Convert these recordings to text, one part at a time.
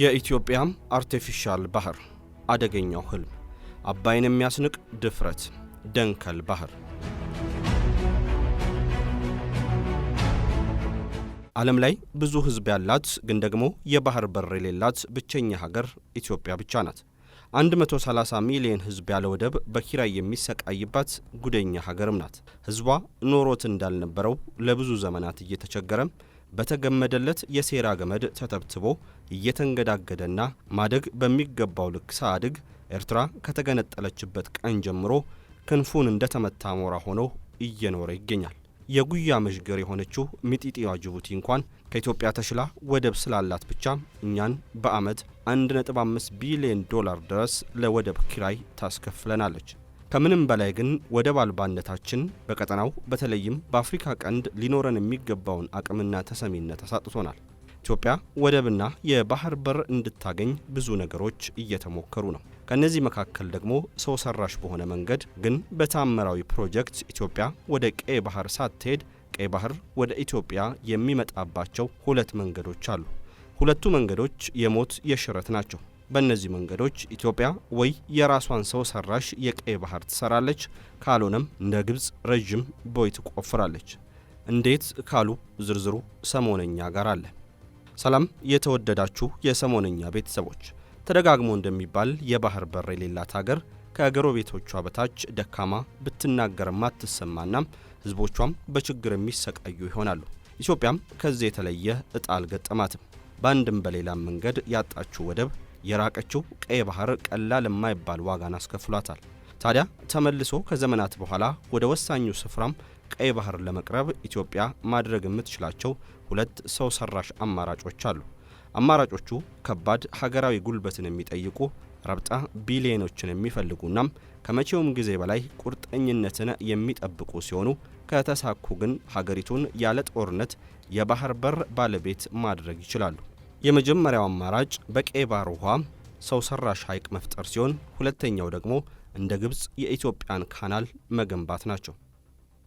የኢትዮጵያ አርቴፊሻል ባህር አደገኛው ህልም፣ አባይን የሚያስንቅ ድፍረት፣ ደንከል ባህር። ዓለም ላይ ብዙ ህዝብ ያላት ግን ደግሞ የባህር በር የሌላት ብቸኛ ሀገር ኢትዮጵያ ብቻ ናት። 130 ሚሊዮን ህዝብ ያለ ወደብ በኪራይ የሚሰቃይባት ጉደኛ ሀገርም ናት። ህዝቧ ኖሮት እንዳልነበረው ለብዙ ዘመናት እየተቸገረም በተገመደለት የሴራ ገመድ ተተብትቦ እየተንገዳገደና ማደግ በሚገባው ልክ ሳያድግ ኤርትራ ከተገነጠለችበት ቀን ጀምሮ ክንፉን እንደተመታ ሞራ ሆኖ እየኖረ ይገኛል። የጉያ መዥገር የሆነችው ሚጢጢዋ ጅቡቲ እንኳን ከኢትዮጵያ ተሽላ ወደብ ስላላት ብቻ እኛን በዓመት 1.5 ቢሊዮን ዶላር ድረስ ለወደብ ኪራይ ታስከፍለናለች። ከምንም በላይ ግን ወደብ አልባነታችን በቀጠናው በተለይም በአፍሪካ ቀንድ ሊኖረን የሚገባውን አቅምና ተሰሚነት አሳጥቶናል። ኢትዮጵያ ወደብና የባህር በር እንድታገኝ ብዙ ነገሮች እየተሞከሩ ነው። ከእነዚህ መካከል ደግሞ ሰው ሰራሽ በሆነ መንገድ ግን በታምራዊ ፕሮጀክት ኢትዮጵያ ወደ ቀይ ባህር ሳትሄድ ቀይ ባህር ወደ ኢትዮጵያ የሚመጣባቸው ሁለት መንገዶች አሉ። ሁለቱ መንገዶች የሞት የሽረት ናቸው። በእነዚህ መንገዶች ኢትዮጵያ ወይ የራሷን ሰው ሰራሽ የቀይ ባህር ትሰራለች፣ ካልሆነም እንደ ግብፅ ረዥም ቦይ ትቆፍራለች። እንዴት ካሉ ዝርዝሩ ሰሞነኛ ጋር አለ። ሰላም የተወደዳችሁ የሰሞነኛ ቤተሰቦች፣ ተደጋግሞ እንደሚባል የባህር በር የሌላት ሀገር ከጎረቤቶቿ በታች ደካማ ብትናገርም አትሰማና ህዝቦቿም በችግር የሚሰቃዩ ይሆናሉ። ኢትዮጵያም ከዚህ የተለየ እጣ አልገጠማትም። በአንድም በሌላም መንገድ ያጣችው ወደብ የራቀችው ቀይ ባህር ቀላል የማይባል ዋጋን አስከፍሏታል። ታዲያ ተመልሶ ከዘመናት በኋላ ወደ ወሳኙ ስፍራም ቀይ ባህር ለመቅረብ ኢትዮጵያ ማድረግ የምትችላቸው ሁለት ሰው ሰራሽ አማራጮች አሉ። አማራጮቹ ከባድ ሀገራዊ ጉልበትን የሚጠይቁ ረብጣ ቢሊዮኖችን የሚፈልጉናም ከመቼውም ጊዜ በላይ ቁርጠኝነትን የሚጠብቁ ሲሆኑ ከተሳኩ ግን ሀገሪቱን ያለ ጦርነት የባህር በር ባለቤት ማድረግ ይችላሉ። የመጀመሪያው አማራጭ በቀይ ባህር ውሃ ሰው ሰራሽ ሐይቅ መፍጠር ሲሆን ሁለተኛው ደግሞ እንደ ግብፅ የኢትዮጵያን ካናል መገንባት ናቸው።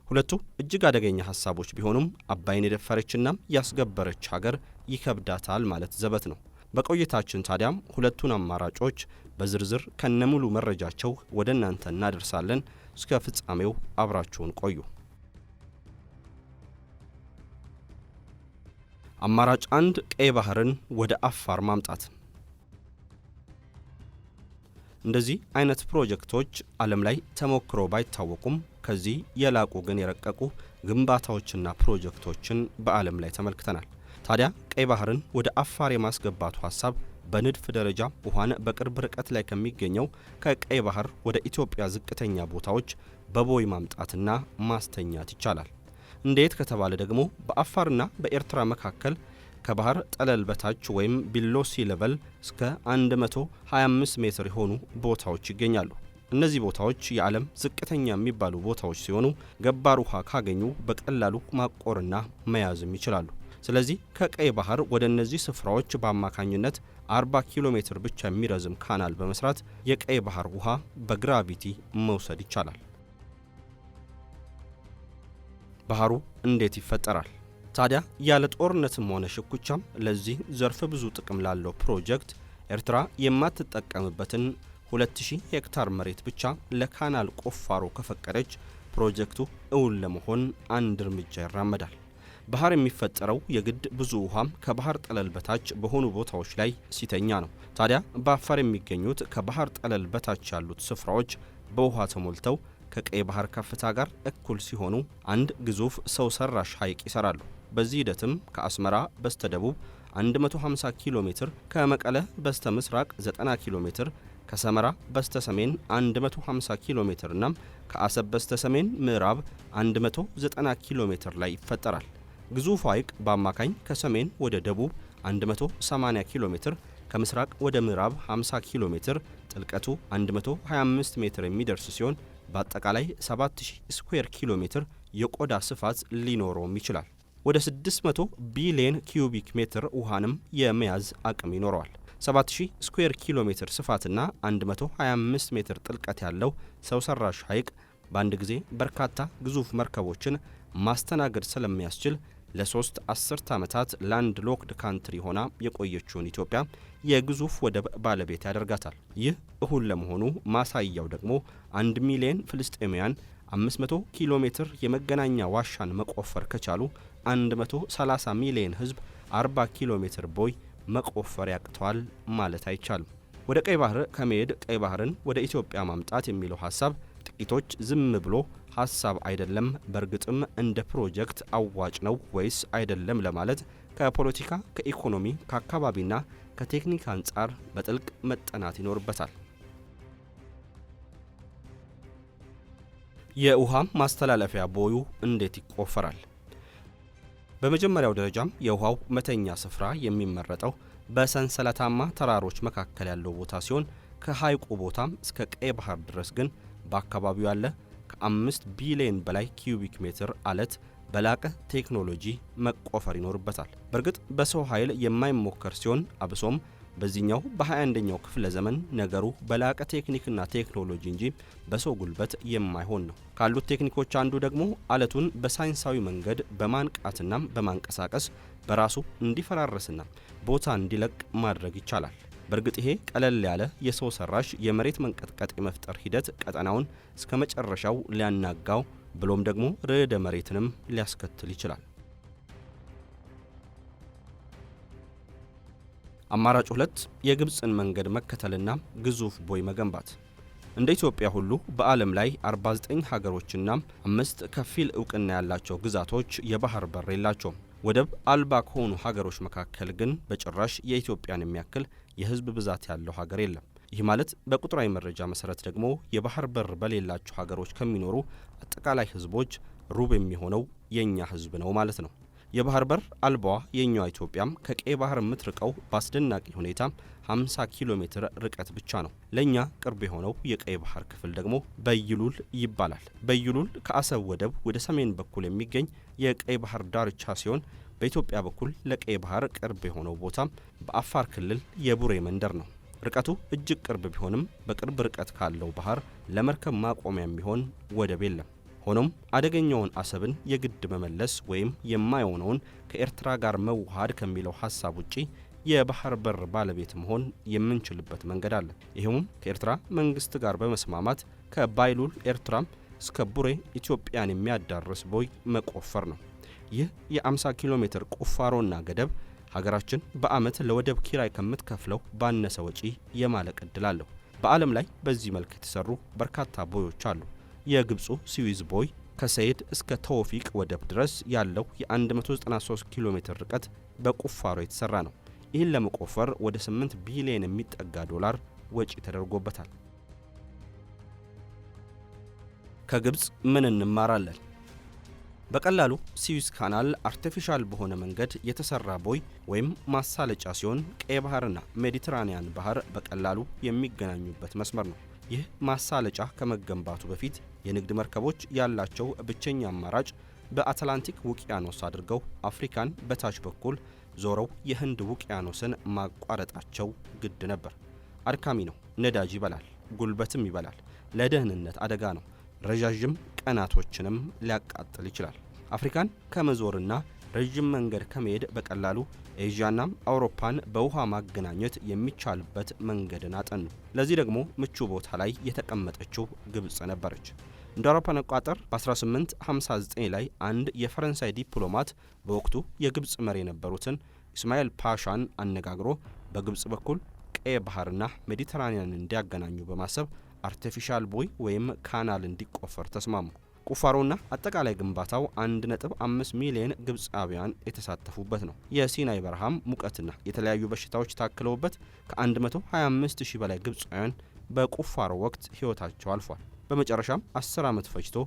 ሁለቱ እጅግ አደገኛ ሀሳቦች ቢሆኑም አባይን የደፈረችና ያስገበረች ሀገር ይከብዳታል ማለት ዘበት ነው። በቆይታችን ታዲያም ሁለቱን አማራጮች በዝርዝር ከነሙሉ መረጃቸው ወደ እናንተ እናደርሳለን። እስከ ፍጻሜው አብራችሁን ቆዩ። አማራጭ አንድ ቀይ ባህርን ወደ አፋር ማምጣት። እንደዚህ አይነት ፕሮጀክቶች ዓለም ላይ ተሞክሮ ባይታወቁም ከዚህ የላቁ ግን የረቀቁ ግንባታዎችና ፕሮጀክቶችን በዓለም ላይ ተመልክተናል። ታዲያ ቀይ ባህርን ወደ አፋር የማስገባቱ ሀሳብ በንድፍ ደረጃ ውሃን በቅርብ ርቀት ላይ ከሚገኘው ከቀይ ባህር ወደ ኢትዮጵያ ዝቅተኛ ቦታዎች በቦይ ማምጣትና ማስተኛት ይቻላል። እንዴት ከተባለ ደግሞ በአፋርና በኤርትራ መካከል ከባህር ጠለል በታች ወይም ቢሎ ሲ ሌቨል እስከ 125 ሜትር የሆኑ ቦታዎች ይገኛሉ። እነዚህ ቦታዎች የዓለም ዝቅተኛ የሚባሉ ቦታዎች ሲሆኑ ገባር ውሃ ካገኙ በቀላሉ ማቆርና መያዝም ይችላሉ። ስለዚህ ከቀይ ባህር ወደ እነዚህ ስፍራዎች በአማካኝነት 40 ኪሎ ሜትር ብቻ የሚረዝም ካናል በመስራት የቀይ ባህር ውሃ በግራቪቲ መውሰድ ይቻላል። ባህሩ እንዴት ይፈጠራል? ታዲያ ያለ ጦርነትም ሆነ ሽኩቻም ለዚህ ዘርፈ ብዙ ጥቅም ላለው ፕሮጀክት ኤርትራ የማትጠቀምበትን 2000 ሄክታር መሬት ብቻ ለካናል ቁፋሮ ከፈቀደች ፕሮጀክቱ እውን ለመሆን አንድ እርምጃ ይራመዳል። ባህር የሚፈጠረው የግድ ብዙ ውሃም ከባህር ጠለል በታች በሆኑ ቦታዎች ላይ ሲተኛ ነው። ታዲያ በአፋር የሚገኙት ከባህር ጠለል በታች ያሉት ስፍራዎች በውሃ ተሞልተው ከቀይ ባህር ከፍታ ጋር እኩል ሲሆኑ አንድ ግዙፍ ሰው ሰራሽ ሐይቅ ይሰራሉ። በዚህ ሂደትም ከአስመራ በስተ ደቡብ 150 ኪሎ ሜትር፣ ከመቀለ በስተ ምስራቅ 90 ኪሎ ሜትር፣ ከሰመራ በስተ ሰሜን 150 ኪሎ ሜትር እናም ከአሰብ በስተ ሰሜን ምዕራብ 190 ኪሎ ሜትር ላይ ይፈጠራል። ግዙፍ ሐይቅ በአማካኝ ከሰሜን ወደ ደቡብ 180 ኪሎ ሜትር ከምስራቅ ወደ ምዕራብ 50 ኪሎ ሜትር ጥልቀቱ 125 ሜትር የሚደርስ ሲሆን በአጠቃላይ 7000 ስኩዌር ኪሎ ሜትር የቆዳ ስፋት ሊኖረውም ይችላል። ወደ 600 ቢሊየን ኪዩቢክ ሜትር ውሃንም የመያዝ አቅም ይኖረዋል። 7000 ስኩዌር ኪሎ ሜትር ስፋትና 125 ሜትር ጥልቀት ያለው ሰው ሰራሽ ሐይቅ በአንድ ጊዜ በርካታ ግዙፍ መርከቦችን ማስተናገድ ስለሚያስችል ለሶስት አስርት ዓመታት ላንድ ሎክድ ካንትሪ ሆና የቆየችውን ኢትዮጵያ የግዙፍ ወደብ ባለቤት ያደርጋታል። ይህ እሁን ለመሆኑ ማሳያው ደግሞ አንድ ሚሊየን ፍልስጤማውያን 500 ኪሎ ሜትር የመገናኛ ዋሻን መቆፈር ከቻሉ 130 ሚሊየን ህዝብ 40 ኪሎ ሜትር ቦይ መቆፈር ያቅተዋል ማለት አይቻልም። ወደ ቀይ ባህር ከመሄድ ቀይ ባህርን ወደ ኢትዮጵያ ማምጣት የሚለው ሀሳብ ጥቂቶች ዝም ብሎ ሀሳብ አይደለም፣ በእርግጥም እንደ ፕሮጀክት አዋጭ ነው ወይስ አይደለም ለማለት ከፖለቲካ ከኢኮኖሚ ከአካባቢና ከቴክኒክ አንጻር በጥልቅ መጠናት ይኖርበታል። የውሃ ማስተላለፊያ ቦዩ እንዴት ይቆፈራል? በመጀመሪያው ደረጃም የውሃው መተኛ ስፍራ የሚመረጠው በሰንሰለታማ ተራሮች መካከል ያለው ቦታ ሲሆን ከሐይቁ ቦታም እስከ ቀይ ባህር ድረስ ግን በአካባቢው ያለ ከአምስት ቢሊዮን በላይ ኪዩቢክ ሜትር አለት በላቀ ቴክኖሎጂ መቆፈር ይኖርበታል። በእርግጥ በሰው ኃይል የማይሞከር ሲሆን አብሶም በዚህኛው በ21ኛው ክፍለ ዘመን ነገሩ በላቀ ቴክኒክና ቴክኖሎጂ እንጂ በሰው ጉልበት የማይሆን ነው። ካሉት ቴክኒኮች አንዱ ደግሞ አለቱን በሳይንሳዊ መንገድ በማንቃትና በማንቀሳቀስ በራሱ እንዲፈራረስና ቦታ እንዲለቅ ማድረግ ይቻላል። በእርግጥ ይሄ ቀለል ያለ የሰው ሰራሽ የመሬት መንቀጥቀጥ የመፍጠር ሂደት ቀጠናውን እስከ መጨረሻው ሊያናጋው ብሎም ደግሞ ርዕደ መሬትንም ሊያስከትል ይችላል። አማራጭ ሁለት የግብፅን መንገድ መከተልና ግዙፍ ቦይ መገንባት። እንደ ኢትዮጵያ ሁሉ በዓለም ላይ 49 ሀገሮችና አምስት ከፊል እውቅና ያላቸው ግዛቶች የባህር በር የላቸውም። ወደብ አልባ ከሆኑ ሀገሮች መካከል ግን በጭራሽ የኢትዮጵያን የሚያክል የህዝብ ብዛት ያለው ሀገር የለም። ይህ ማለት በቁጥራዊ መረጃ መሰረት ደግሞ የባህር በር በሌላቸው ሀገሮች ከሚኖሩ አጠቃላይ ህዝቦች ሩብ የሚሆነው የእኛ ህዝብ ነው ማለት ነው። የባህር በር አልባዋ የኛዋ ኢትዮጵያም ከቀይ ባህር የምትርቀው በአስደናቂ ሁኔታ 50 ኪሎ ሜትር ርቀት ብቻ ነው። ለእኛ ቅርብ የሆነው የቀይ ባህር ክፍል ደግሞ በይሉል ይባላል። በይሉል ከአሰብ ወደብ ወደ ሰሜን በኩል የሚገኝ የቀይ ባህር ዳርቻ ሲሆን በኢትዮጵያ በኩል ለቀይ ባህር ቅርብ የሆነው ቦታ በአፋር ክልል የቡሬ መንደር ነው። ርቀቱ እጅግ ቅርብ ቢሆንም በቅርብ ርቀት ካለው ባህር ለመርከብ ማቆሚያ የሚሆን ወደብ የለም። ሆኖም አደገኛውን አሰብን የግድ መመለስ ወይም የማይሆነውን ከኤርትራ ጋር መዋሃድ ከሚለው ሀሳብ ውጪ የባህር በር ባለቤት መሆን የምንችልበት መንገድ አለ። ይህም ከኤርትራ መንግስት ጋር በመስማማት ከባይሉል ኤርትራም እስከ ቡሬ ኢትዮጵያን የሚያዳርስ ቦይ መቆፈር ነው። ይህ የ50 ኪሎ ሜትር ቁፋሮና ገደብ ሀገራችን በዓመት ለወደብ ኪራይ ከምትከፍለው ባነሰ ወጪ የማለቅ እድል አለው። በዓለም ላይ በዚህ መልክ የተሰሩ በርካታ ቦዮች አሉ። የግብፁ ስዊዝ ቦይ ከሰይድ እስከ ተውፊቅ ወደብ ድረስ ያለው የ193 ኪሎ ሜትር ርቀት በቁፋሮ የተሰራ ነው። ይህን ለመቆፈር ወደ 8 ቢሊዮን የሚጠጋ ዶላር ወጪ ተደርጎበታል። ከግብፅ ምን እንማራለን? በቀላሉ ስዊዝ ካናል አርቲፊሻል በሆነ መንገድ የተሰራ ቦይ ወይም ማሳለጫ ሲሆን ቀይ ባህርና ሜዲትራኒያን ባህር በቀላሉ የሚገናኙበት መስመር ነው። ይህ ማሳለጫ ከመገንባቱ በፊት የንግድ መርከቦች ያላቸው ብቸኛ አማራጭ በአትላንቲክ ውቅያኖስ አድርገው አፍሪካን በታች በኩል ዞረው የህንድ ውቅያኖስን ማቋረጣቸው ግድ ነበር። አድካሚ ነው። ነዳጅ ይበላል፣ ጉልበትም ይበላል። ለደህንነት አደጋ ነው። ረዣዥም ቀናቶችንም ሊያቃጥል ይችላል። አፍሪካን ከመዞርና ረዥም መንገድ ከመሄድ በቀላሉ ኤዥያናም አውሮፓን በውሃ ማገናኘት የሚቻልበት መንገድን አጠኑ። ለዚህ ደግሞ ምቹ ቦታ ላይ የተቀመጠችው ግብፅ ነበረች። እንደ አውሮፓን አቆጣጠር በ1859 ላይ አንድ የፈረንሳይ ዲፕሎማት በወቅቱ የግብፅ መሪ የነበሩትን ኢስማኤል ፓሻን አነጋግሮ በግብፅ በኩል ቀይ ባህርና ሜዲተራኒያን እንዲያገናኙ በማሰብ አርቲፊሻል ቦይ ወይም ካናል እንዲቆፈር ተስማሙ። ቁፋሮና አጠቃላይ ግንባታው 1.5 ሚሊዮን ግብፃውያን የተሳተፉበት ነው። የሲናይ በረሃም ሙቀትና የተለያዩ በሽታዎች ታክለውበት ከ 125000 በላይ ግብፃውያን በቁፋሮ ወቅት ሕይወታቸው አልፏል። በመጨረሻም 10 ዓመት ፈጅቶ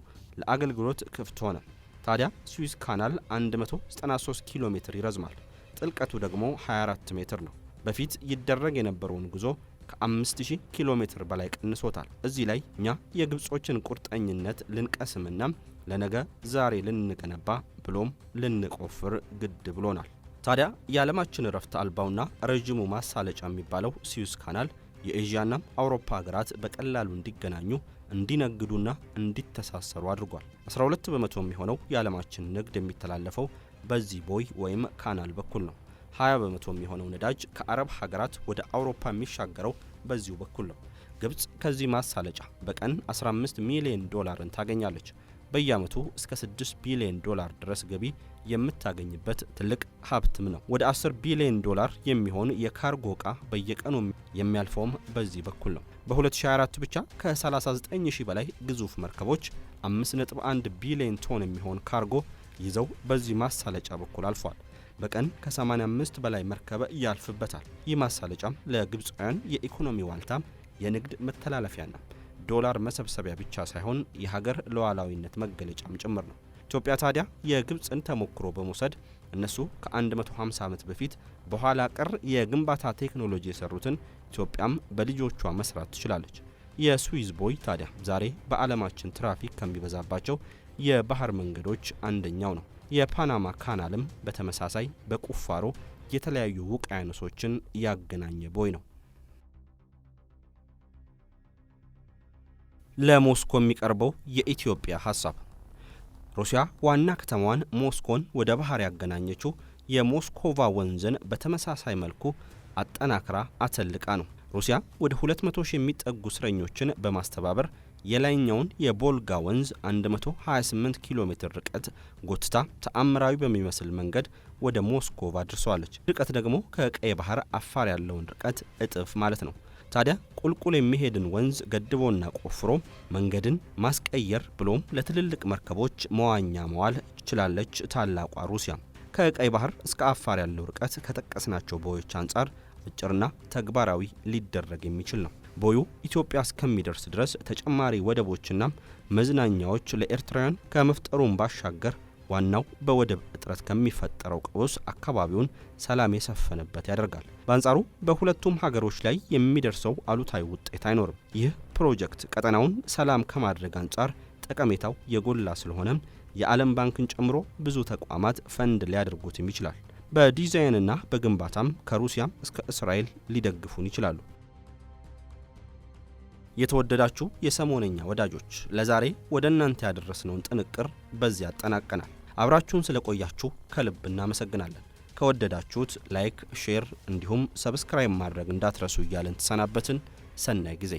ለአገልግሎት ክፍት ሆነ። ታዲያ ስዊስ ካናል 193 ኪሎ ሜትር ይረዝማል። ጥልቀቱ ደግሞ 24 ሜትር ነው። በፊት ይደረግ የነበረውን ጉዞ ከ5000 ኪሎ ሜትር በላይ ቀንሶታል። እዚህ ላይ እኛ የግብጾችን ቁርጠኝነት ልንቀስምና ለነገ ዛሬ ልንገነባ ብሎም ልንቆፍር ግድ ብሎናል። ታዲያ የዓለማችን እረፍት አልባውና ረዥሙ ማሳለጫ የሚባለው ስዩዝ ካናል የኤዥያና አውሮፓ ሀገራት በቀላሉ እንዲገናኙ እንዲነግዱና እንዲተሳሰሩ አድርጓል። 12 በመቶ የሚሆነው የዓለማችን ንግድ የሚተላለፈው በዚህ ቦይ ወይም ካናል በኩል ነው። 20 በመቶ የሚሆነው ነዳጅ ከአረብ ሀገራት ወደ አውሮፓ የሚሻገረው በዚሁ በኩል ነው። ግብፅ ከዚህ ማሳለጫ በቀን 15 ሚሊዮን ዶላርን ታገኛለች። በየዓመቱ እስከ 6 ቢሊዮን ዶላር ድረስ ገቢ የምታገኝበት ትልቅ ሀብትም ነው። ወደ 10 ቢሊዮን ዶላር የሚሆን የካርጎ ዕቃ በየቀኑ የሚያልፈውም በዚህ በኩል ነው። በ2024 ብቻ ከ39 ሺህ በላይ ግዙፍ መርከቦች 5.1 ቢሊዮን ቶን የሚሆን ካርጎ ይዘው በዚህ ማሳለጫ በኩል አልፏል። በቀን ከ85 በላይ መርከበ ያልፍበታል። ይህ ማሳለጫም ለግብፃውያን የኢኮኖሚ ዋልታም፣ የንግድ መተላለፊያና ዶላር መሰብሰቢያ ብቻ ሳይሆን የሀገር ሉዓላዊነት መገለጫም ጭምር ነው። ኢትዮጵያ ታዲያ የግብፅን ተሞክሮ በመውሰድ እነሱ ከ150 ዓመት በፊት በኋላ ቀር የግንባታ ቴክኖሎጂ የሰሩትን ኢትዮጵያም በልጆቿ መስራት ትችላለች። የስዊዝ ቦይ ታዲያ ዛሬ በዓለማችን ትራፊክ ከሚበዛባቸው የባህር መንገዶች አንደኛው ነው። የፓናማ ካናልም በተመሳሳይ በቁፋሮ የተለያዩ ውቅያኖሶችን ያገናኘ ቦይ ነው። ለሞስኮ የሚቀርበው የኢትዮጵያ ሀሳብ ሩሲያ ዋና ከተማዋን ሞስኮን ወደ ባህር ያገናኘችው የሞስኮቫ ወንዝን በተመሳሳይ መልኩ አጠናክራ አተልቃ ነው። ሩሲያ ወደ 200 ሺህ የሚጠጉ እስረኞችን በማስተባበር የላይኛውን የቦልጋ ወንዝ 128 ኪሎ ሜትር ርቀት ጎትታ ተአምራዊ በሚመስል መንገድ ወደ ሞስኮቭ አድርሰዋለች። ርቀት ደግሞ ከቀይ ባህር አፋር ያለውን ርቀት እጥፍ ማለት ነው። ታዲያ ቁልቁል የሚሄድን ወንዝ ገድቦና ቆፍሮ መንገድን ማስቀየር ብሎም ለትልልቅ መርከቦች መዋኛ መዋል ችላለች ታላቋ ሩሲያ። ከቀይ ባህር እስከ አፋር ያለው ርቀት ከጠቀስናቸው ቦዮች አንጻር አጭርና ተግባራዊ ሊደረግ የሚችል ነው። ቦዩ ኢትዮጵያ እስከሚደርስ ድረስ ተጨማሪ ወደቦችና መዝናኛዎች ለኤርትራውያን ከመፍጠሩን ባሻገር ዋናው በወደብ እጥረት ከሚፈጠረው ቀውስ አካባቢውን ሰላም የሰፈነበት ያደርጋል። በአንጻሩ በሁለቱም ሀገሮች ላይ የሚደርሰው አሉታዊ ውጤት አይኖርም። ይህ ፕሮጀክት ቀጠናውን ሰላም ከማድረግ አንጻር ጠቀሜታው የጎላ ስለሆነም የዓለም ባንክን ጨምሮ ብዙ ተቋማት ፈንድ ሊያደርጉትም ይችላል። በዲዛይንና በግንባታም ከሩሲያም እስከ እስራኤል ሊደግፉን ይችላሉ። የተወደዳችሁ የሰሞነኛ ወዳጆች ለዛሬ ወደ እናንተ ያደረስነውን ጥንቅር በዚህ አጠናቀናል። አብራችሁን ስለቆያችሁ ከልብ እናመሰግናለን። ከወደዳችሁት ላይክ፣ ሼር እንዲሁም ሰብስክራይብ ማድረግ እንዳትረሱ እያለን ተሰናበትን። ሰናይ ጊዜ